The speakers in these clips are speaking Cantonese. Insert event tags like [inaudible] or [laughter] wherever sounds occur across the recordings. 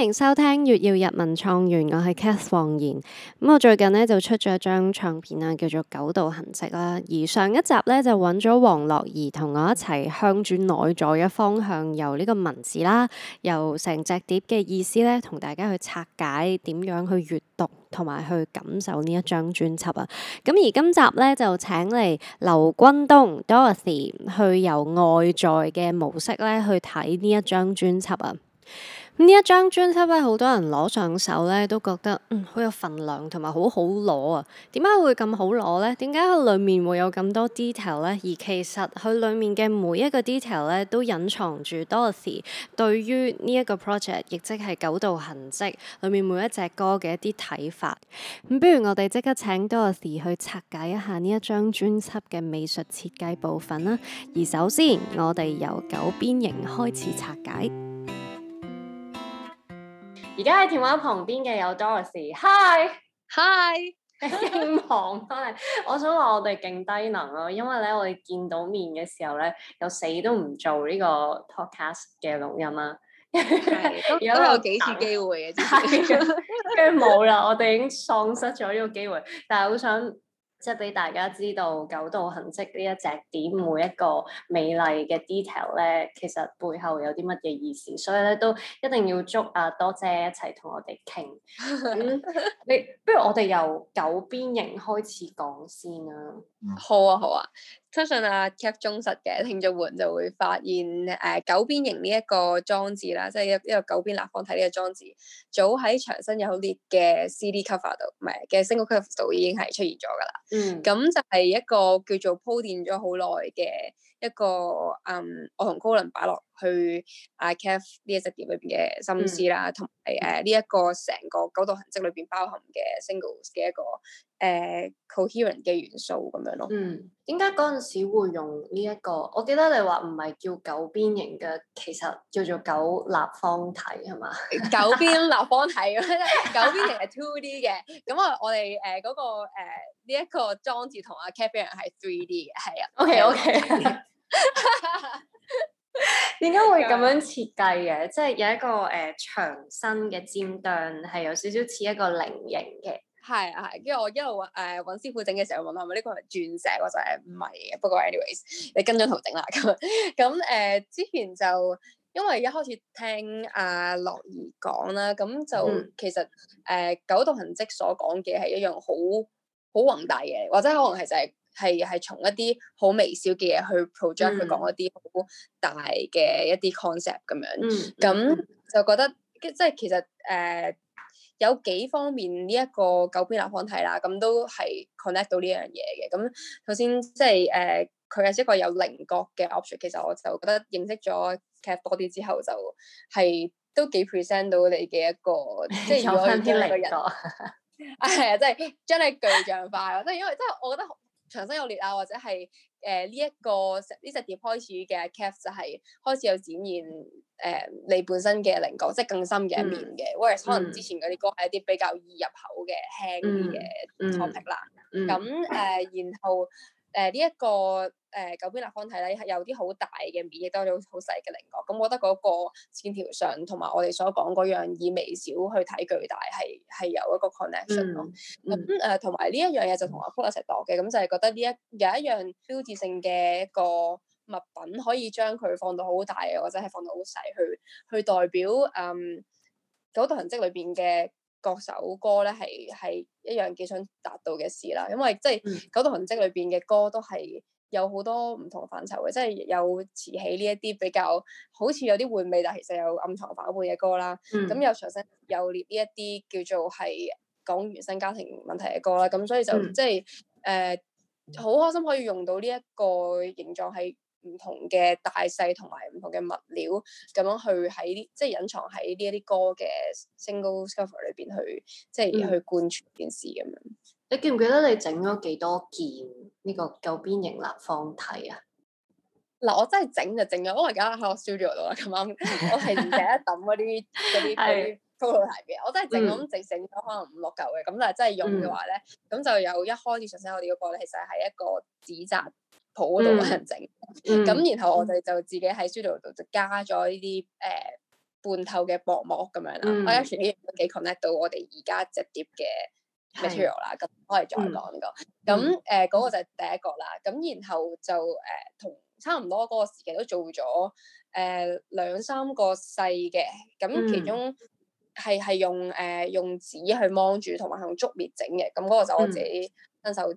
歡迎收聽《月曜日文創園》，我係 Cath 王言。咁我最近呢就出咗張唱片啊，叫做《九道痕跡》啦。而上一集咧就揾咗王樂儀同我一齊向轉內在嘅方向，由呢個文字啦，由成隻碟嘅意思咧，同大家去拆解點樣去閱讀同埋去感受呢一張專輯啊。咁而今集咧就請嚟劉君冬 Dorothy 去由外在嘅模式咧去睇呢一張專輯啊。呢一張專輯咧，好多人攞上手咧，都覺得，嗯，好有份量，同埋好好攞啊！點解會咁好攞呢？點解佢裡面會有咁多 detail 呢？而其實佢裡面嘅每一個 detail 咧，都隱藏住 Dorothy 對於呢一個 project，亦即係《九道痕跡》裏面每一隻歌嘅一啲睇法。咁不如我哋即刻請 Dorothy 去拆解一下呢一張專輯嘅美術設計部分啦。而首先，我哋由九邊形開始拆解。而家喺電話旁邊嘅有 Dorothy，Hi，Hi，喺邊旁啊？我想話我哋勁低能咯，因為咧我哋見到面嘅時候咧，又死都唔做呢個 podcast 嘅錄音啦。而家都有幾次機會嘅、啊，跟住冇啦，我哋已經喪失咗呢個機會。但係好想。即係俾大家知道《九道痕跡》呢一隻點每一個美麗嘅 detail 咧，其實背後有啲乜嘢意思，所以咧都一定要祝阿、啊、多姐一齊同我哋傾。嗯、 [laughs] 你不如我哋由九邊形開始講先啦。 [laughs] 好啊，好啊。相信阿 Cath 忠實嘅聽眾們就會發現，誒、呃、九邊形呢一個裝置啦，即係一個九邊立方體呢個裝置，早喺《長生有裂》嘅 CD cover 度，唔係嘅 single cover 度已經係出現咗㗎啦。嗯，咁就係一個叫做鋪墊咗好耐嘅一個嗯，我同高倫擺落去阿 Cap 呢一隻碟裏邊嘅心思啦，同埋誒呢一個成個、呃、九道痕跡裏邊包含嘅 singles 嘅一個誒 coherent 嘅元素咁樣咯。嗯，點解嗰陣時會用呢、這、一個？我記得你話唔係叫九邊形嘅，其實叫做九立方體係嘛？九邊立方體，九 [laughs] [laughs] 邊形係 two D 嘅。咁啊，我哋誒嗰個呢一個裝置同阿 Cap 人係 three D 嘅，係啊。O K，O K。點解 [laughs] 會咁樣設計嘅？ [laughs] 即係有一個誒、呃、長身嘅尖端，係有少少似一個菱形嘅。係係、啊，跟住、啊、我一路誒搵、呃、師傅整嘅時候，問係咪呢個係鑽石，或者係唔係嘅？不過 anyways，你跟咗圖整啦。咁咁誒，之前就因為一開始聽阿樂儀講啦，咁、啊、就其實誒、嗯呃、九道痕迹所講嘅係一樣好好宏大嘅，或者可能係就係、是。係係從一啲好微小嘅嘢去 project、嗯、去講一啲好大嘅一啲 concept 咁樣、嗯，咁、嗯、就覺得即係、嗯、其實誒、呃、有幾方面呢一個九邊立方體啦，咁都係 connect 到呢樣嘢嘅。咁首先即係誒佢係一個有棱角嘅 object 其實我就覺得認識咗 Cath 多啲之後，就係都幾 present 到你嘅一個即係有果係一個個人，係啊，即係將你具象化咯，即係因為真係我覺得。長身有裂啊，或者係誒呢一個呢隻碟開始嘅 c a 就係開始有展現誒、呃、你本身嘅稜角，即係更深嘅一面嘅。Whereas 可能之前嗰啲歌係一啲比較易入口嘅輕啲嘅 topic 啦。咁誒、嗯，嗯呃嗯、然後。誒呢一個誒、呃、九邊立方體咧，係有啲好大嘅面，亦都有好細嘅稜角。咁我覺得嗰個線條上，同埋我哋所講嗰樣以微小去睇巨大，係係有一個 connection 咯、嗯。咁誒同埋呢一樣嘢就同阿 Paul 一齊攞嘅，咁就係覺得呢一有一樣標誌性嘅一個物品，可以將佢放到好大嘅，或者係放到好細去去代表誒、嗯、九道痕跡裏邊嘅。各首歌咧係係一樣幾想達到嘅事啦，因為即係《嗯、九道痕跡》裏邊嘅歌都係有好多唔同範疇嘅，即係有詞起呢一啲比較好似有啲回味，但係其實有暗藏反叛嘅歌啦。咁、嗯、又重新又列呢一啲叫做係講原生家庭問題嘅歌啦。咁、嗯嗯、所以就即係誒好開心可以用到呢一個形狀係。唔同嘅大細同埋唔同嘅物料，咁樣去喺啲即係隱藏喺呢一啲歌嘅 single cover 裏邊去，即係去觀察件事咁樣、嗯。你記唔記得你整咗幾多件呢、這個九邊形立方體啊？嗱，我真係整就整咗，因為我而家喺我 studio 度啦，咁啱 [laughs] 我係唔捨得抌嗰啲嗰啲嗰啲 pro 嘅，我真係整係整整咗可能五六嚿嘅，咁但係真係用嘅話咧，咁、嗯、就有一開始上先我哋嘅歌咧，其實係一個紙紮。好多人整，咁、嗯嗯、 [laughs] 然後我哋就自己喺 studio 度就加咗呢啲誒半透嘅薄膜咁樣啦。嗯、我覺得呢樣都幾 connect 到我哋而家隻碟嘅 material 啦，咁我哋再講呢個。咁誒嗰個就第一個啦。咁然後就誒同、呃、差唔多嗰個時期都做咗誒兩三個細嘅，咁其中係係、嗯、用誒、呃、用紙去蒙住，同埋用竹篾整嘅。咁、那、嗰個就我自己親手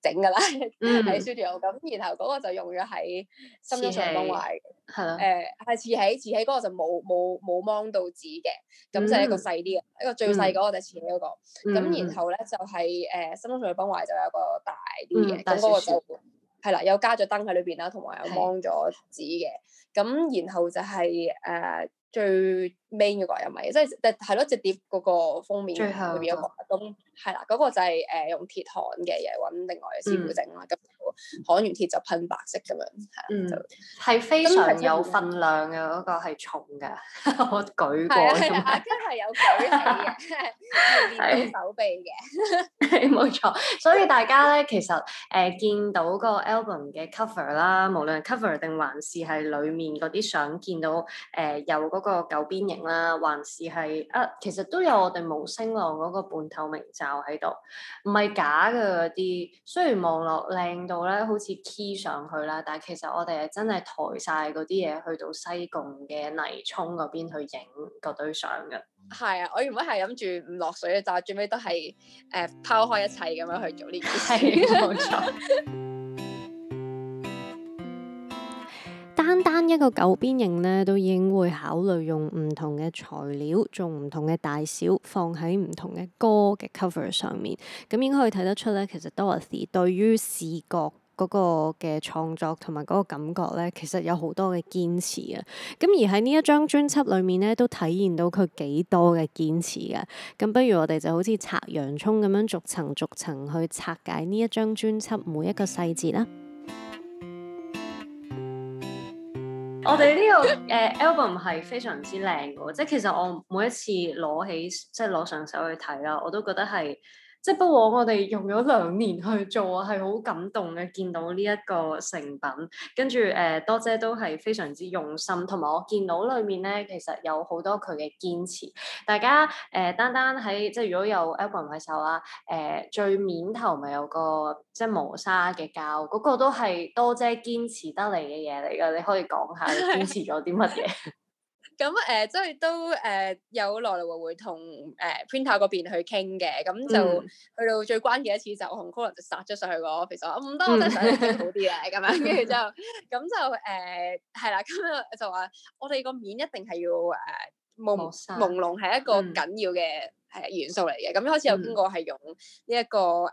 整噶啦，睇 [laughs] studio 咁、嗯，然後嗰個就用咗喺《心中藏崩壞》。係咯。誒，係《刺起》嗯《刺起》嗰個就冇冇冇芒到紙嘅，咁、嗯嗯、就係一個細啲嘅，一個最細嗰個就《刺起》嗰個。咁、嗯、然後咧就係誒《心、呃、中藏玉崩壞》就有一個大啲嘅，咁嗰、嗯、個就係啦，有加咗燈喺裏邊啦，同埋有芒咗紙嘅。咁是然後就係、是、誒、呃、最尾嘅嗰個又咪，即係係咯直碟嗰個封面裏邊有個。就是、最係啦，嗰、那個就係、是、誒、呃、用鐵焊嘅嘢揾另外嘅師傅整啦，咁焊、嗯、完鐵就噴白色咁樣，係啦，嗯、就係非常有份量嘅嗰、嗯、個係重嘅，我舉過、啊，真係有舉起嘅， [laughs] 面頸手臂嘅，冇的 [laughs] 錯。所以大家咧其實誒見到個 album 嘅 cover 啦，無論 cover 定還是係裡面嗰啲相，見到誒、呃、有嗰個九邊形啦，還是係啊，其實都有我哋無聲浪嗰個半透明喺度，唔係假嘅嗰啲。雖然望落靚到咧，好似 key 上去啦，但係其實我哋係真係抬晒嗰啲嘢去到西貢嘅泥涌嗰邊去影嗰堆相嘅。係啊，我原本係諗住唔落水嘅，咋，最尾都係誒拋開一切咁樣去做呢件事。冇錯。 [laughs] 單一個九邊形咧，都已經會考慮用唔同嘅材料，做唔同嘅大小，放喺唔同嘅歌嘅 cover 上面。咁、嗯、應該可以睇得出咧，其實 Dorothy 對於視覺嗰個嘅創作同埋嗰個感覺咧，其實有好多嘅堅持啊。咁、嗯、而喺呢一張專輯裏面咧，都體現到佢幾多嘅堅持嘅。咁、嗯、不如我哋就好似拆洋葱咁樣，逐層逐層去拆解呢一張專輯每一個細節啦。我哋呢個誒 album 係非常之靚嘅，即係其實我每一次攞起即係攞上手去睇啦，我都覺得係。即係不枉我哋用咗兩年去做啊，係好感動嘅，見到呢一個成品。跟住誒，多姐都係非常之用心，同埋我見到裏面咧，其實有好多佢嘅堅持。大家誒、呃，單單喺即係如果有 album 喺手啊，誒、呃，最面頭咪有個即係磨砂嘅膠，嗰、那個都係多姐堅持得嚟嘅嘢嚟噶。你可以講下你堅持咗啲乜嘢？咁誒，即係都誒有內回回同誒 printout 嗰邊去傾嘅，咁就去到最關鍵一次就我同 Cole 就殺咗上去個其 f 我唔得，我真係想好啲咧，咁 [laughs] 樣跟住之後，咁、嗯、 [laughs] 就誒係、嗯、啦，咁樣就話我哋個面一定係要誒。呃朦朦朧係一個緊要嘅誒元素嚟嘅，咁一、嗯、開始有邊、呢個係用呢一個誒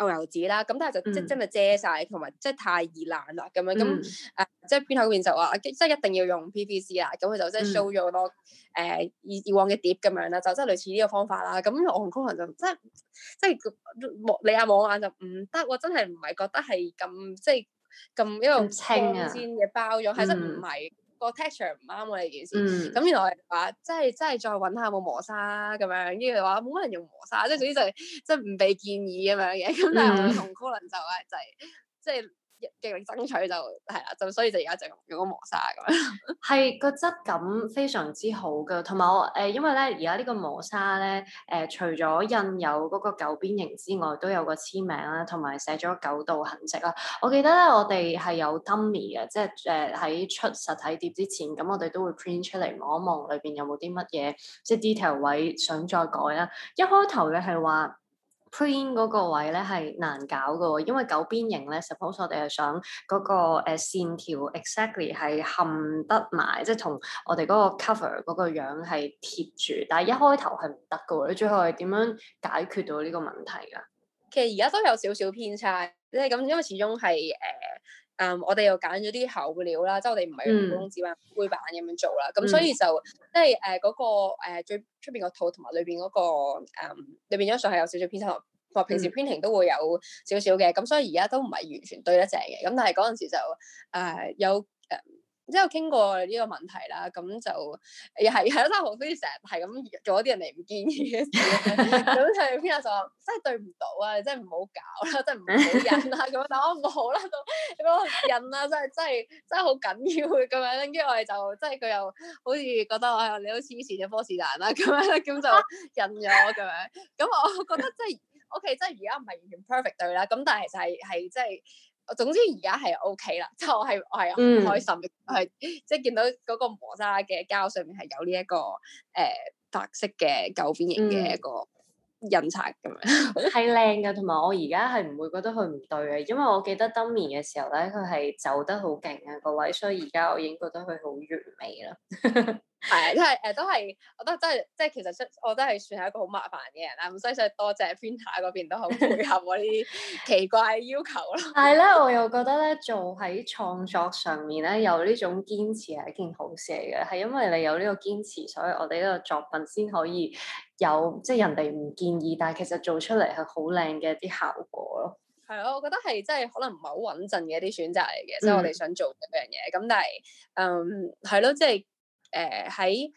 牛油紙啦，咁但係就即真係遮晒，同埋即係太易爛啦咁樣，咁誒即係邊口邊就話即係一定要用 PVC 啦，咁佢就即係 show 咗好多誒以以往嘅碟咁樣啦，就即係類似呢個方法啦，咁我同工人就即係即係望你啊望眼，就唔得喎，我真係唔係覺得係咁即係咁一個光鮮嘅包裝，係真唔係。個 The texture 唔啱我哋件事，咁對、嗯、原來話即係即係再揾下有冇磨砂咁樣，跟住話冇乜人用磨砂，即係總之就係即係唔畀建議咁樣嘅，咁但係我同高能就係、是嗯、就係即係。就是極力爭取就係啦，就所以就而家就用嗰個磨砂咁樣，係、 [laughs] 個質感非常之好噶，同埋我誒、呃，因為咧而家呢個磨砂咧，誒、呃、除咗印有嗰個九邊形之外，都有個簽名啦，同埋寫咗九道痕跡啦。我記得咧，我哋係有 dummy 嘅，即係誒喺出實體碟之前，咁我哋都會 print 出嚟望一望裏邊有冇啲乜嘢，即係 detail 位想再改啦。一開頭嘅係話。print 嗰個位咧係難搞嘅，因為九邊形咧，suppose 我哋係想嗰、那個誒、呃、線條 exactly 係冚得埋，即係同我哋嗰個 cover 嗰個樣係貼住，但係一開頭係唔得嘅喎，你最後係點樣解決到呢個問題㗎？其實而家都有少少偏差，即係咁，因為始終係誒。呃啊！Um, 我哋又揀咗啲厚料啦，即係我哋唔係用普通紙板、嗯、灰板咁樣做啦，咁所以就即係誒嗰個、呃、最出邊、嗰個套同埋裏邊嗰個誒裏邊張相係有少少偏差，我、嗯、平時 printing 都會有少少嘅，咁所以而家都唔係完全對得正嘅，咁但係嗰陣時就誒、呃、有誒。呃之後傾過呢個問題啦，咁就又係係咯，真係、啊啊、好非、啊、常，成日係咁做一啲人哋唔建議嘅事。咁佢邊阿就話真係對唔到啊，真係唔好搞啦，真係唔好印啦咁。但我唔好啦，咁咁我忍啦，真係真係真係好緊要咁樣。跟住我哋就即係佢又好似覺得我你好黐線嘅波士蛋啦咁樣，咁就印咗咁樣。咁我覺得即係 O K，即係而家唔係完全 perfect 對啦，咁但係就係係即係。我總之而家係 OK 啦，即、就、係、是、我係我係好開心，嘅、嗯。係即係見到嗰個磨砂嘅膠上面係有呢、這、一個誒特、呃、色嘅九邊形嘅一個印刷咁樣，係靚嘅，同埋 [laughs] 我而家係唔會覺得佢唔對嘅，因為我記得當年嘅時候咧，佢係走得好勁啊個位，所以而家我已經覺得佢好完美啦。 [laughs] 係，因為誒都係，我都係即係，即係其實即係，我都係算係一個好麻煩嘅人啦。咁所以多謝 Vinta 嗰邊都好配合我啲奇怪嘅要求咯。 [laughs] [laughs] [laughs] 但係咧，我又覺得咧，做喺創作上面咧，有呢種堅持係一件好事嚟嘅，係因為你有呢個堅持，所以我哋呢個作品先可以有，即係人哋唔建議，但係其實做出嚟係好靚嘅一啲效果咯。係 [laughs] [laughs] 啊，我覺得係即係可能唔係好穩陣嘅一啲選擇嚟嘅，即係 [laughs] 我哋想做咁樣嘢。咁但係，嗯，係咯，即係。嗯誒喺、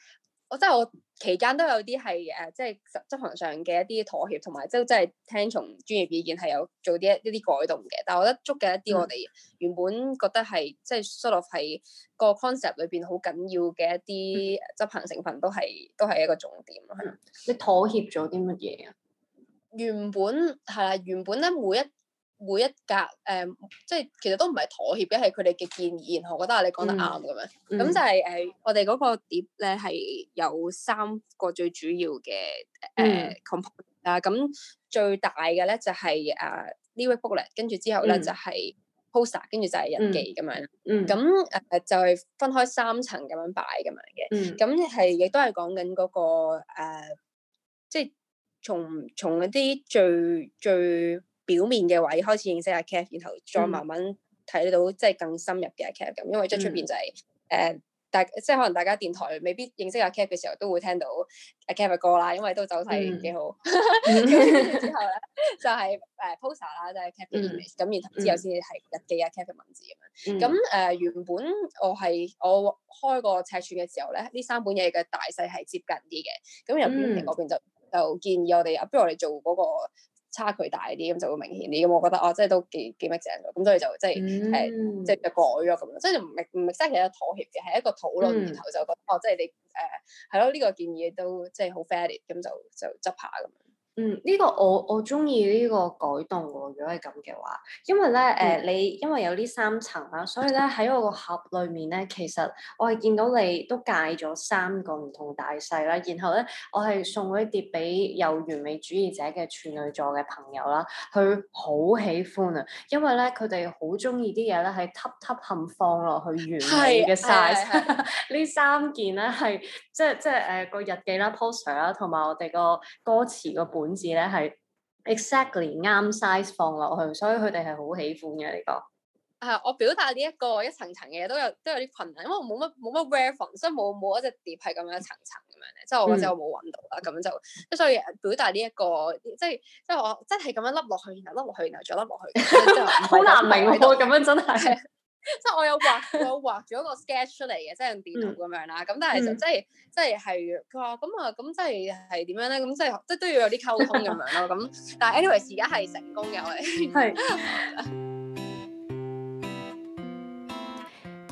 呃、我即係我期間都有啲係誒，即係執執行上嘅一啲妥協，同埋即係即係聽從專業意見，係有做啲一啲改動嘅。但係我覺得捉嘅一啲，我哋原本覺得係、嗯、即係 sort of 係個 concept 裏邊好緊要嘅一啲執行成分都，都係都係一個重點。嗯、你妥協咗啲乜嘢啊？原本係啦，原本咧每一。每一格誒，即、嗯、係、就是、其實都唔係妥協嘅，係佢哋嘅建議。然後我覺得啊，你講得啱咁樣。咁就係、是、誒，嗯、我哋嗰個碟咧係有三個最主要嘅誒、呃嗯、component 啊。咁最大嘅咧就係誒 booklet，跟住之後咧、嗯、就係 poster，跟住就係人記咁、嗯、樣。咁、嗯、誒、啊、就係、是、分開三層咁樣擺咁樣嘅。咁係亦都係講緊嗰個誒，即、啊、係、就是、從從一啲最最。最最最表面嘅位開始認識阿 Cath，然後再慢慢睇到即係更深入嘅 Cath。咁因為即係出邊就係誒大，即係可能大家電台未必認識阿 Cath 嘅時候都會聽到阿 Cath 嘅歌啦，因為都走勢幾好。咁之後咧就係誒 poster 啦，即係 Cath 嘅 image。咁然後之後先係日記啊，Cath 嘅文字咁樣。咁誒原本我係我開個尺寸嘅時候咧，呢三本嘢嘅大細係接近啲嘅。咁入邊嗰邊就就建議我哋不如我哋做嗰個。差距大啲咁就會明顯啲咁，我覺得哦、啊，即係都幾幾 rect 咁，所以就即係誒，即係、mm hmm. 呃、改咗咁樣，即係就唔係唔係 set 一個妥協嘅，係一個討論，然後就覺得、mm hmm. 哦，即係你誒係咯，呢、呃個建議都即係好 fair 咁就就執下咁。嗯，呢、這個我我中意呢個改動喎。如果係咁嘅話，因為咧，誒、呃，嗯、你因為有呢三層啦，所以咧喺我個盒裏面咧，其實我係見到你都戒咗三個唔同大細啦。然後咧，我係送咗一碟俾有完美主義者嘅處女座嘅朋友啦，佢好喜歡啊，因為咧佢哋好中意啲嘢咧係凹凹陷放落去完美嘅 size。呢 [laughs] 三件咧係。即係即係誒個日記啦、poster 啦，同埋我哋個歌詞個本子咧係 exactly 啱、right、size 放落去，所以佢哋係好喜歡嘅呢、這個。啊，uh, 我表達呢一個一層層嘅嘢都有都有啲困難，因為我冇乜冇乜 reference，所以冇冇一隻碟係咁樣一層層咁樣嘅。嗯、即係我就冇揾到啦。咁就即所以表達呢、這、一個即係即係我即係咁樣凹落去，然後凹落去，然後再凹落去，好難明喎！咁樣真係。 [laughs] [laughs] [laughs] 即係我有畫，我 [laughs] 畫咗一個 sketch 出嚟嘅，即係用電腦咁樣啦。咁、嗯、但係就即係即係係佢話咁啊，咁即係係點樣咧？咁即係即係都要有啲溝通咁樣咯。咁 [laughs] 但係 anyway 而家係成功嘅我哋。 [laughs] 是 [laughs]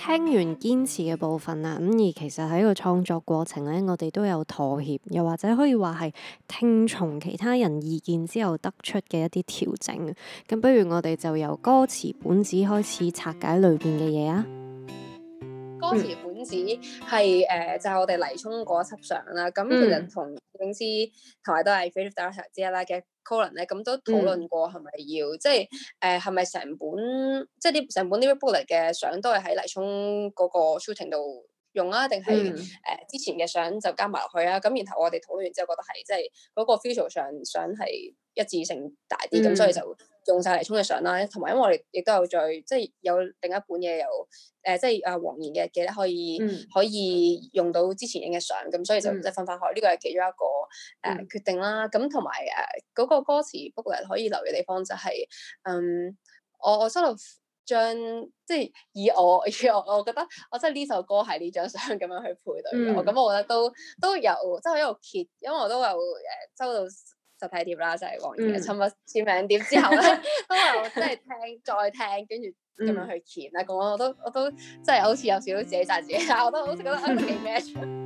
聽完堅持嘅部分啦，咁、嗯、而其實喺個創作過程咧，我哋都有妥協，又或者可以話係聽從其他人意見之後得出嘅一啲調整。咁不如我哋就由歌詞本子開始拆解裏邊嘅嘢啊！歌詞本子係誒、呃、就係、是、我哋黎聰嗰輯相啦。咁其實影師、嗯、同影師同埋都係 film director 之一啦嘅。colon 咧，咁都討論過係咪要，嗯、即係誒係咪成本即係啲成本呢本 book 嚟嘅相都係喺黎聰嗰個 shooting 度用啊，定係誒之前嘅相就加埋落去啊？咁然後我哋討論完之後覺得係即係嗰個 feature 上相係一致性大啲，咁、嗯、所以就。用晒嚟充嘅相啦，同埋因為我哋亦都有再即係有另一本嘢，有誒即係阿黃言嘅日記可以、嗯、可以用到之前影嘅相，咁所以就即係分開。呢個係其中一個誒、呃嗯、決定啦。咁同埋誒嗰個歌詞不 o o 可以留嘅地方就係、是，嗯，我我收留將即係以我以我我覺得我真係呢首歌係呢張相咁樣去配對。我咁、嗯嗯、我覺得都都有即係喺度揭，因為我都有誒收到。實體碟啦，就係、是、王嘅親筆簽名碟之後咧， [laughs] 都係我真係聽再聽，跟住咁樣去填啦，講我，我都我都，我都真係好似有少少寫曬自己，自己，但我都好似覺得幾 match。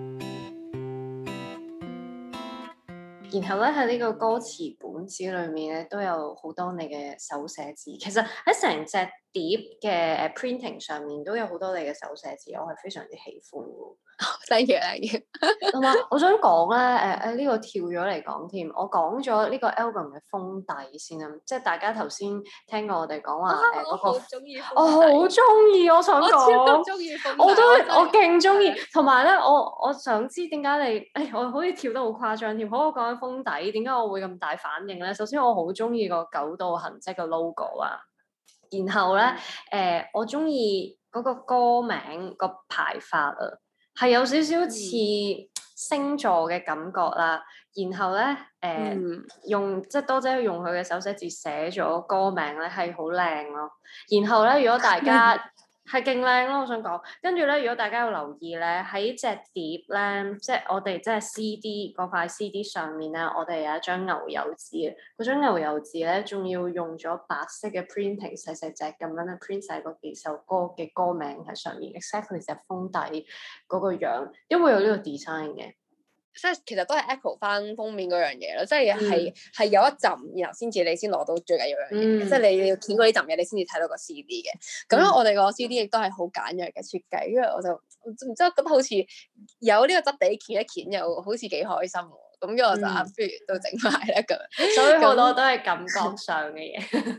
然後咧喺呢個歌詞本子裏面咧，都有好多你嘅手寫字。其實喺成隻碟嘅 printing 上面都有好多你嘅手寫字，我係非常之喜歡。多謝啊！同埋、呃那個，我想講咧，誒誒，都呢個跳咗嚟講添，我講咗呢個 album 嘅封底先啊，即係大家頭先聽過我哋講話誒個，我好中意，我好中意，我想講，我都中意封底，我都我勁中意，同埋咧，我我想知點解你誒，我好似跳得好誇張添，好，我講緊封底，點解我會咁大反應咧？首先，我好中意個九道痕跡嘅 logo 啊，然後咧，誒、嗯呃，我中意嗰個歌名、那個排法啊。係有少少似星座嘅感覺啦，嗯、然後咧，誒、呃、用即多姐用佢嘅手寫字寫咗歌名咧，係好靚咯，然後咧，如果大家。 [laughs] 係勁靚咯！我想講，跟住咧，如果大家要留意咧，喺隻碟咧，即係我哋即係 CD 嗰塊 CD 上面咧，我哋有一張牛油紙啊！嗰張牛油紙咧，仲要用咗白色嘅 printing，細細隻咁樣咧 print 晒嗰幾首歌嘅歌名喺上面，exactly 隻封底嗰個樣，因為有呢個 design 嘅。所以其實都係 echo 翻封面嗰樣嘢咯，即係係係有一浸，然後先至你先攞到最緊要樣嘢，嗯、即係你要鉛嗰啲浸嘢，你先至睇到個 CD 嘅。咁樣我哋個 CD 亦都係好簡約嘅設計，因為我就唔知，然後覺得好似有呢個質地鉛一鉛，又好似幾開心喎。咁然我就不如都整埋一咁，所以好多都係感覺上嘅嘢。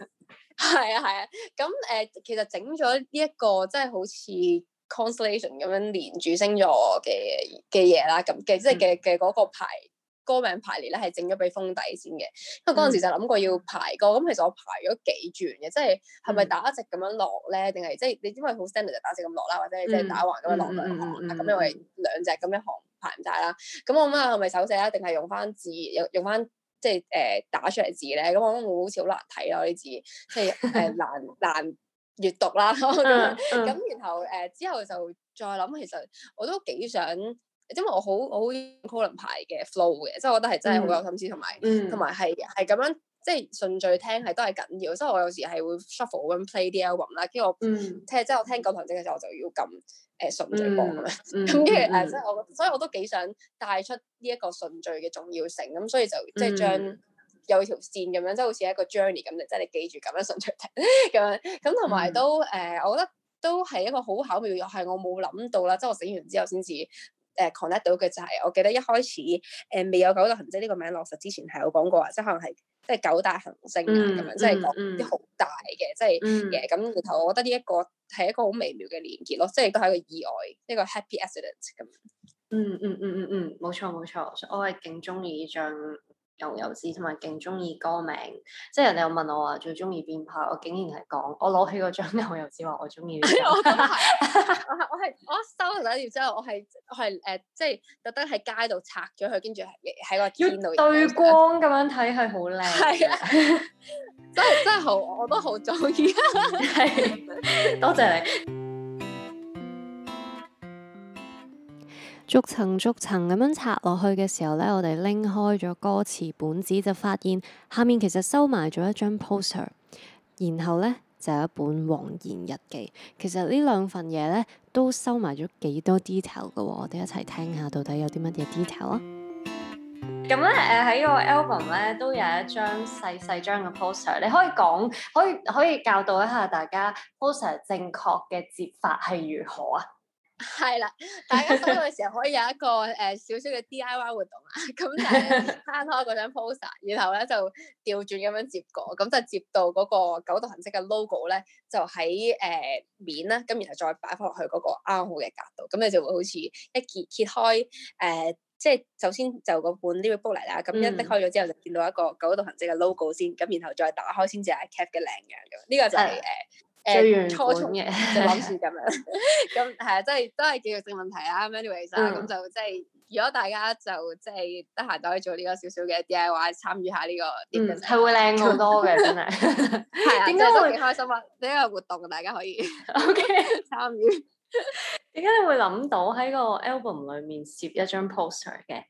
係啊係啊，咁誒、啊啊嗯、其實整咗呢一個即係好似～constellation 咁樣連住星座嘅嘅嘢啦，咁嘅即係嘅嘅嗰個排歌名排列咧係整咗俾封底先嘅，因為嗰陣時就諗過要排歌，咁其實我排咗幾轉嘅，即係係咪打一直咁樣落咧，定係即係你因為好 standard 就打直咁落啦，或者你即係打橫咁樣落兩行咁、嗯嗯嗯嗯啊、因為兩隻咁一行排唔晒啦，咁我諗下係咪手寫啊，定係用翻字用用翻即係誒、呃、打出嚟字咧？咁我諗好似好難睇咯啲字，即係誒難難。難 [laughs] 閱讀啦，咁、 [laughs] 嗯 [laughs] 嗯、然後誒、呃、之後就再諗，其實我都幾想，因為我好好可能排嘅 flow 嘅，即係我覺得係真係好有心思，同埋同埋係係咁樣即係、就是、順序聽係都係緊要，即係我有時係會 shuffle 咁 play 啲 album 啦，跟住我聽即係我聽九道痕跡嘅時候，我就要撳誒順序播咁樣，咁跟住誒即係我，所以我都幾想帶出呢一個順序嘅重要性，咁所以就即係將。嗯嗯 [laughs] 有條線咁樣，即、就、係、是、好似一個 journey 咁，即、就、係、是、你記住咁樣順序睇咁樣。咁同埋都誒、mm. 呃，我覺得都係一個好巧妙，又係我冇諗到啦。即、就、係、是、我寫完之後先至誒 connect 到嘅就係、是，我記得一開始誒、呃、未有九道行星九道痕跡呢、這個名落實之前係有講過，即係可能係即係九大行星咁樣，mm. 即係講啲好大嘅，即係嘅。咁然後我覺得呢一個係一個好微妙嘅連結咯，即係都係一個意外，一個 happy accident 咁。嗯嗯嗯嗯嗯，冇錯冇錯，我係勁中意呢張。牛油紙同埋勁中意歌名，即係人哋有問我話最中意邊拍，我竟然係講我攞起嗰張牛油紙話我中意。我係我係 [laughs] 我一收緊完之後，我係我係誒、呃，即係特登喺街度拆咗佢，跟住喺個天度要對光咁樣睇係好靚，係啊， [laughs] 所以真係真係好，我都好中意，係 [laughs] [laughs] 多謝你。逐層逐層咁樣拆落去嘅時候呢，我哋拎開咗歌詞本子，就發現下面其實收埋咗一張 poster，然後呢，就有一本黃言日記。其實呢兩份嘢呢，都收埋咗幾多 detail 嘅喎，我哋一齊聽下到底有啲乜嘢 detail 啊？咁咧，誒喺個 album 咧都有一張細細張嘅 poster，你可以講，可以可以教導一下大家 poster 正確嘅摺法係如何啊？係啦，大家收到嘅時候可以有一個誒少少嘅 DIY 活動啊，咁、嗯、攤開嗰張 poster，然後咧就調轉咁樣接過，咁、嗯、就接到嗰個九度痕跡嘅 logo 咧，就喺誒、呃、面啦，咁然後再擺翻落去嗰個啱好嘅格度，咁你就會好似一揭揭開誒、呃，即係首先就嗰本 notebook 嚟啦，咁一的開咗之後就見到一個九度痕跡嘅 logo 先，咁然後再打開先至係 cap 嘅靚樣，咁、這、呢個就係、是、誒。最完、嗯，初衷嘅就諗住咁樣，咁係啊，即係都係技術性問題啦。Anyways，啊，咁就即係如果大家就即係得閒都可以做呢個少少嘅 DIY，參與下呢個。嗯，係會靚好多嘅，真係。係 [laughs] 啊 [laughs] [laughs] 了，點解會開心啊？呢、呢個活動大家可以 OK [laughs] 參與。點 [laughs] 解你會諗到喺個 album 裏面攝一張 poster 嘅？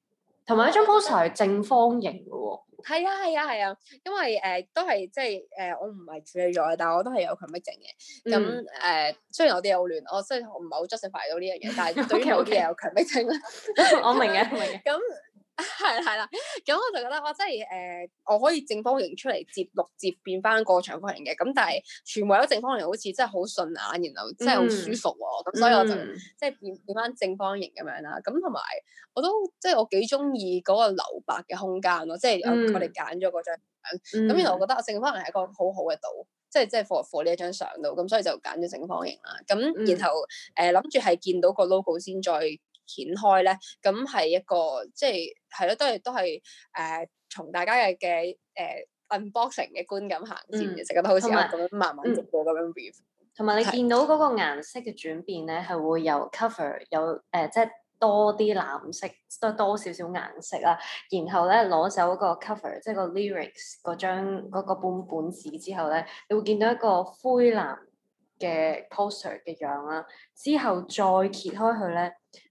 同埋呢張 poster 係正方形嘅喎、哦，係啊係啊係啊，因為誒、呃、都係即係誒、呃、我唔係注意咗，但係我都係有強迫症嘅。咁誒、嗯呃、雖然我啲嘢好亂，我雖然我唔係好捉醒發到呢樣嘢，但係對於我啲嘢有強迫症啦。 [laughs] [laughs] 我明嘅，我明。咁。係啦，係啦，咁 [laughs] 我就覺得，我真係誒、呃，我可以正方形出嚟接六接變翻個長方形嘅，咁但係全部有正方形，好似真係好順眼，然後真係好舒服喎。咁、嗯、所以我就、嗯、即係變變翻正方形咁樣啦。咁同埋我都即係我幾中意嗰個留白嘅空間咯，即係我哋揀咗嗰張相，咁、嗯、然後我覺得我正方形係一個好好嘅島，即係即係放放呢張相度，咁所以就揀咗正方形啦。咁然後誒諗住係見到個 logo 先再。掀開咧，咁係一個即係係咯，都係都係誒，從大家嘅嘅誒、呃、 [noise] unboxing 嘅觀感行先，就覺、嗯、得好似有咁樣慢慢逐步咁樣 reveal。同埋你見到嗰個顏色嘅轉變咧，係會由 cover 的有誒、呃，即係多啲藍色，多多少少顏色啦。然後咧攞走個 cover，即係個 lyrics 嗰張嗰、嗰個半本紙之後咧，你會見到一個灰藍嘅 poster 嘅樣啦。之後再，再揭開佢咧。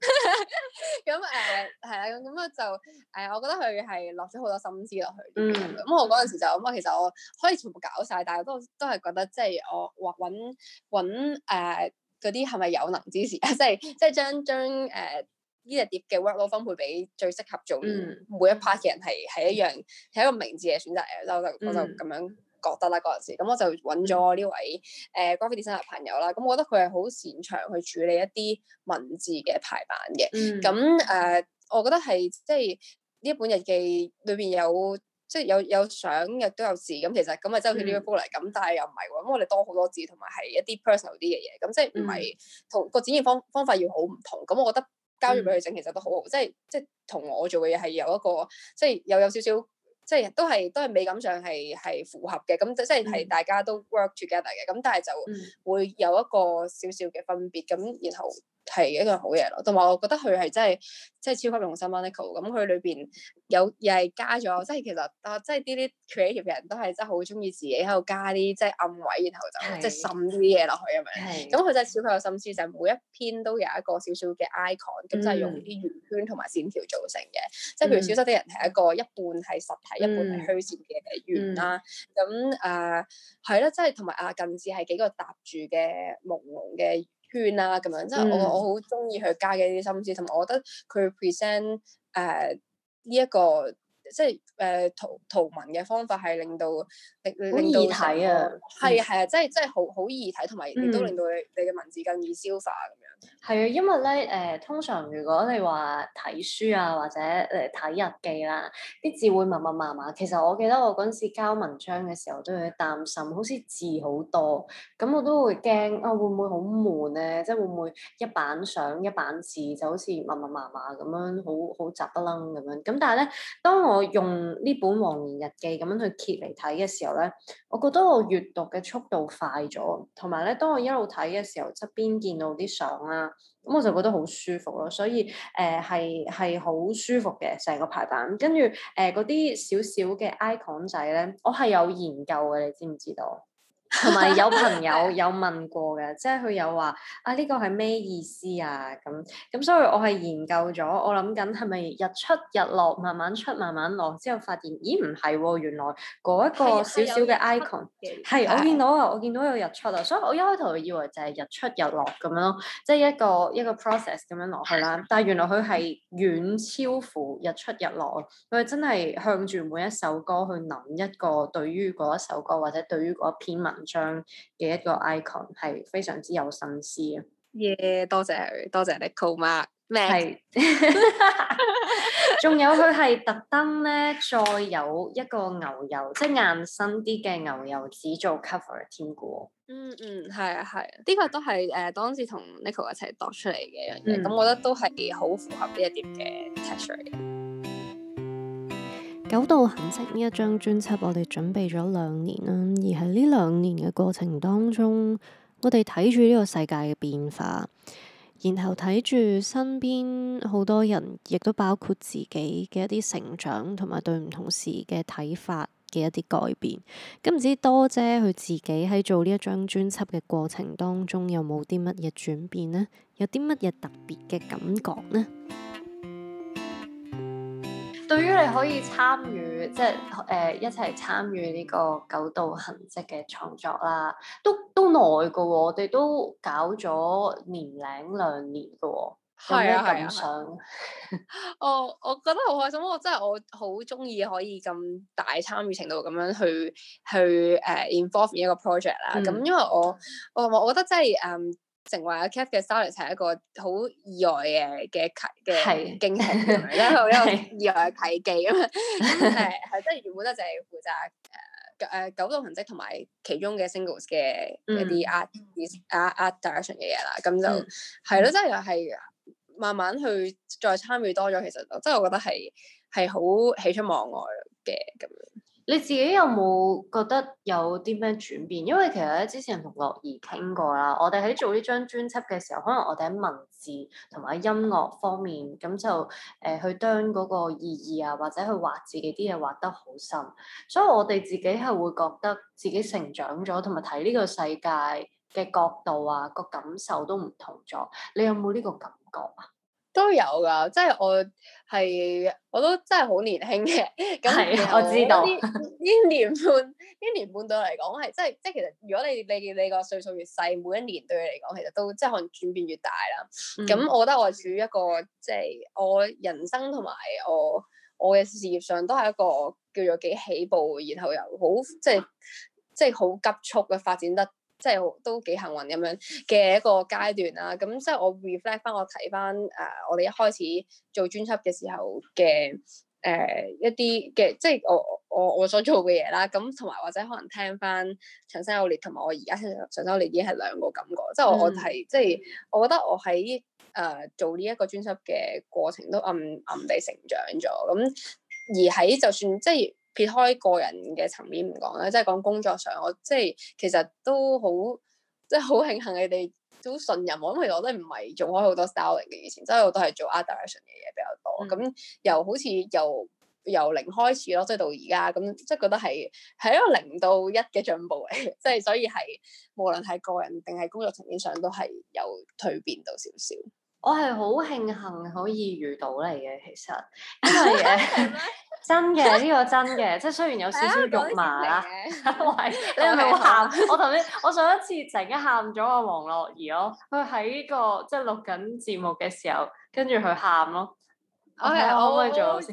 咁誒，係 three 啦 hein oth |bs|，咁啊就誒，我覺得佢係落咗好多心思落去。咁我嗰陣時就咁，我其實我可以全部搞晒，但係都都係覺得即係我或搵搵誒嗰啲係咪有能之士啊？即係即係將將誒呢隻碟嘅 workload 分配俾最適合做每一 part 嘅人，係，係一樣係一個明智嘅選擇嚟。我就我就咁樣。覺得啦嗰陣時，咁我就揾咗呢位誒 graphic designer 朋友啦。咁我覺得佢係好擅長去處理一啲文字嘅排版嘅。咁誒、mm. 呃，我覺得係即係呢一本日記裏邊有即係有有相亦都有字。咁、嗯嗯、其實咁啊，即係呢一本 book 嚟咁，但係又唔係喎。咁我哋多好多字，同埋係一啲 personal 啲嘅嘢。咁即係唔係同個展現方方法要好唔同。咁我覺得交咗俾佢整，其實都好好。嗯、即係即係同我做嘅嘢係有一個，即係又有少少。即係都係都係美感上係係符合嘅，咁即係係大家都 work together 嘅，咁但係就會有一個少少嘅分別，咁然後。係一個好嘢咯，同埋我覺得佢係真係真係超級用心 u n c l 咁佢裏邊有又係加咗，即係其實啊，即係呢啲 creative 嘅人都係真係好中意自己喺度加啲即係暗位，然後就，的然後就即係滲啲嘢落去咁的樣。咁佢真係超級有心思，就係每一篇都有一個少少嘅 icon，咁就係用啲圓圈同埋線條做成嘅。嗯、即係譬如消失啲人係一個一半係實體，嗯、一半係虛線嘅圓啦。咁啊，係啦、嗯，即係同埋啊，近似係幾個搭住嘅朦朧嘅。圈啊，咁樣，即係、嗯、我我好中意佢加嘅呢啲心思，同埋我覺得佢 present 誒、uh, 呢、這、一個。即係誒圖圖文嘅方法係令到令到好易睇啊！係啊係啊，即係即係好好易睇，同埋亦都令到你你嘅文字更易消化咁樣，係啊，因為咧誒通常如果你話睇書啊，或者誒睇日記啦，啲字會密密麻麻。其實我記得我陣時交文章嘅時候都有啲擔心，好似字好多，咁我都會驚啊，會唔會好悶咧？即係會唔會一版上一版字就好似密密麻麻咁樣，好好雜不楞咁樣，咁但係咧，當我我用呢本黃年日記咁樣去揭嚟睇嘅時候咧，我覺得我閱讀嘅速度快咗，同埋咧當我一路睇嘅時候，側邊見到啲相啦，咁我就覺得好舒服咯。所以誒係係好舒服嘅成個排版，跟住誒嗰啲小小嘅 icon 仔咧，我係有研究嘅，你知唔知道？同埋 [laughs] 有朋友有問過嘅，即係佢有話啊呢個係咩意思啊咁咁，所以我係研究咗，我諗緊係咪日出日落慢慢出慢慢落，之後發現咦唔係喎，原來嗰一個少少嘅 icon 係我見到啊，我見到，到有日出啊。所以我一開頭以為就係日出日落咁樣咯，即係一個一個 process 咁樣落去啦，但係原來佢係遠超乎日出日落啊，佢真係向住每一首歌去諗一個對於嗰一首歌或者對於嗰篇文。張嘅一個 icon 係非常之有心思啊！耶、yeah，多謝多謝 Nicole Mark，係，仲有佢係特登咧，再有一個牛油，即係硬身啲嘅牛油紙做 cover 添嘅，嗯嗯，係、mm hmm, 啊係，呢、啊這個都係誒、呃、當時同 Nicole 一齊度出嚟嘅樣嘢，咁我、mm hmm. 覺得都係好符合呢一啲嘅 taste 嘅。九道痕跡呢一張專輯，我哋準備咗兩年啦，而喺呢兩年嘅過程當中，我哋睇住呢個世界嘅變化，然後睇住身邊好多人，亦都包括自己嘅一啲成長，同埋對唔同時嘅睇法嘅一啲改變。咁唔知多姐佢自己喺做呢一張專輯嘅過程當中，有冇啲乜嘢轉變呢？有啲乜嘢特別嘅感覺呢？對於你可以參與，即係誒一齊參與呢個九道痕跡嘅創作啦，都都耐嘅喎、哦，我哋都搞咗年零兩年嘅喎、哦，啊、有咩感想？我我覺得好開心，我真係我好鍾意可以咁大參與程度咁樣去去誒、uh, involve 一個 project 啦。咁、嗯、因為我我我覺得真係誒。Um, 成為阿 Cath 嘅 Stylist 係一個好意外嘅嘅契嘅驚喜，即係一個意外嘅契機咁啊，係即係原本就係負責誒誒、呃、九道痕跡同埋其中嘅 Singles 嘅、嗯、一啲 art, art, art Direction 嘅嘢啦，咁就係咯，即係又係慢慢去再參與多咗，其實即係我覺得係係好喜出望外嘅咁樣。你自己有冇覺得有啲咩轉變？因為其實咧之前同樂儀傾過啦，我哋喺做呢張專輯嘅時候，可能我哋喺文字同埋音樂方面咁就誒、呃、去當嗰個意義啊，或者去畫自己啲嘢畫得好深，所以我哋自己係會覺得自己成長咗，同埋睇呢個世界嘅角度啊，個感受都唔同咗。你有冇呢個感覺啊？都有噶，即係我係，我都真係好年輕嘅。咁是後我知道呢這年半，呢 [laughs] 年半對嚟講係，即係即係，其實如果你你你個歲數越細，每一年對你嚟講，其實都即係可能轉變越大啦。咁、嗯、我覺得我係處於一個即係我人生同埋我我嘅事業上都係一個叫做幾起步，然後又好即係即係好急速嘅發展得。即係都幾幸運咁樣嘅一個階段啦、啊，咁即係我 reflect 翻，我睇翻誒，我哋一開始做專輯嘅時候嘅誒、呃、一啲嘅，即係我我我所做嘅嘢啦，咁同埋或者可能聽翻長生有列，同埋我而家長生有列已經係兩個感覺，嗯、即係我係即係，我覺得我喺誒、呃、做呢一個專輯嘅過程都暗暗地成長咗，咁而喺就算即係。撇開個人嘅層面唔講咧，即係講工作上，我即係其實都好，即係好慶幸你哋都信任我，因為我都唔係做開好多 styling 嘅以前，即係我都係做 art direction 嘅嘢比較多。咁、嗯、又好似由由零開始咯，即係到而家咁，即係覺得係係一個零到一嘅進步嚟，即係所以係無論係個人定係工作層面上都係有蛻變到少少。我係好慶幸可以遇到你嘅，其實因為嘅。 [laughs] [laughs] 真嘅呢、這個真嘅， [laughs] 即係雖然有少少，少肉麻，哎、 [laughs] 喂， [laughs] 你有冇喊？ [laughs] 我頭先我上一次成日喊咗阿王樂儀咯，佢喺、這個即係錄緊節目嘅時候，跟住佢喊咯。我係我我上次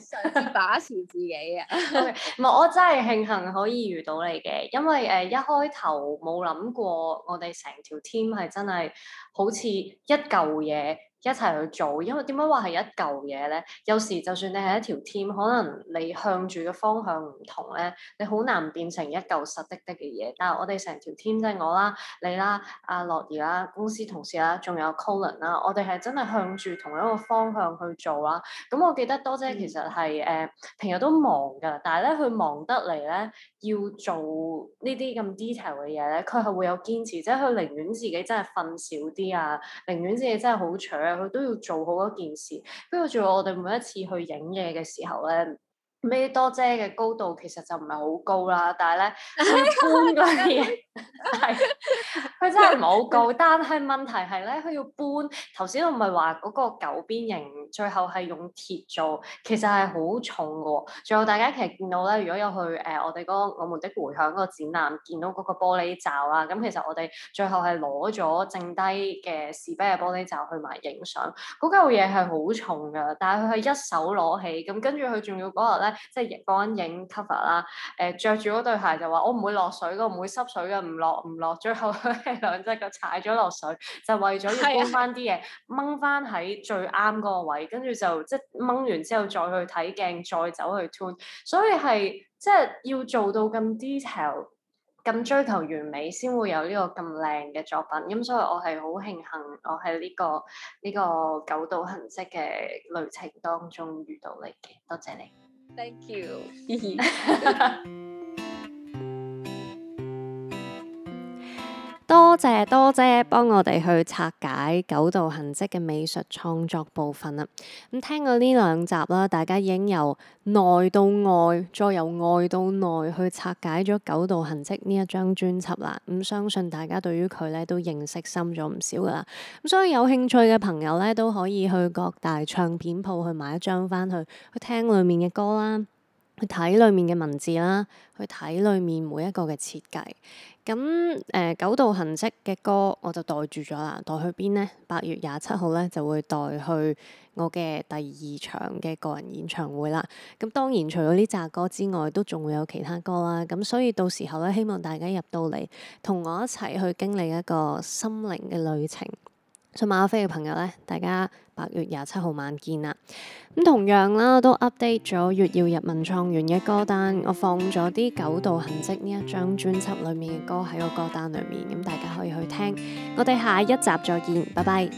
把持自己嘅。唔 [laughs] 係、okay, 我真係慶幸可以遇到你嘅，因為誒、呃、一開頭冇諗過我，我哋成條 team 係真係好似一嚿嘢。一齊去做，因為點解話係一嚿嘢咧？有時就算你係一條 team，可能你向住嘅方向唔同咧，你好難變成一嚿實的的嘅嘢。但係我哋成條 team 即係我啦、你啦、阿樂儀啦、公司同事啦，仲有 Colin 啦，我哋係真係向住同一個方向去做啦。咁、嗯、我記得多姐其實係誒、呃、平日都忙㗎，但係咧佢忙得嚟咧要做呢啲咁 detail 嘅嘢咧，佢係會有堅持，即係佢寧願自己真係瞓少啲啊，寧願自己真係好搶。佢都要做好一件事，不過仲有我哋每一次去影嘢嘅時候咧，咩多遮嘅高度其實就唔係好高啦，但係咧好闊嘅嘢。係，佢 [laughs] 真係唔好高，但係問題係咧，佢要搬。頭先我咪話嗰個九邊形最後係用鐵做，其實係好重噶。最後大家其實見到咧，如果有去誒我哋嗰個我們、那個、我們的回響嗰個展覽，見到嗰個玻璃罩啦，咁其實我哋最後係攞咗剩低嘅士啤嘅玻璃罩去埋影相。嗰嚿嘢係好重噶，但係佢係一手攞起，咁跟住佢仲要嗰日咧，即係嗰陣影 cover 啦、呃，誒着住嗰對鞋就話我唔會落水噶，唔會濕水噶。唔落唔落，最後兩隻腳踩咗落水，就係、為咗要搬翻啲嘢掹翻喺最啱嗰個位，跟住就即係掹完之後再去睇鏡，再走去 tune 所以係即係要做到咁 detail，咁追求完美先會有呢個咁靚嘅作品。咁、嗯、所以我係好慶幸我、呢個，我喺呢個呢個九道痕跡嘅旅程當中遇到你嘅，多謝你。Thank you。 [laughs] [laughs] 多謝多姐幫我哋去拆解《九道痕跡》嘅美術創作部分啦。咁、嗯、聽過呢兩集啦，大家已經由內到外，再由外到內去拆解咗《九道痕跡》呢一張專輯啦。咁、嗯、相信大家對於佢咧都認識深咗唔少噶啦。咁、嗯、所以有興趣嘅朋友咧都可以去各大唱片鋪去買一張翻去去聽裡面嘅歌啦。去睇裡面嘅文字啦，去睇裡面每一個嘅設計。咁誒、呃、九道痕跡嘅歌我就袋住咗啦，袋去邊呢？八月廿七號咧就會袋去我嘅第二場嘅個人演唱會啦。咁當然除咗呢紮歌之外，都仲會有其他歌啦。咁所以到時候咧，希望大家入到嚟同我一齊去經歷一個心靈嘅旅程。送馬飛嘅朋友呢，大家八月廿七號晚見啦。咁同樣啦，我都 update 咗月曜日文創園嘅歌單，我放咗啲《九道痕跡》呢一張專輯裏面嘅歌喺個歌單裏面，咁大家可以去聽。我哋下一集再見，拜拜。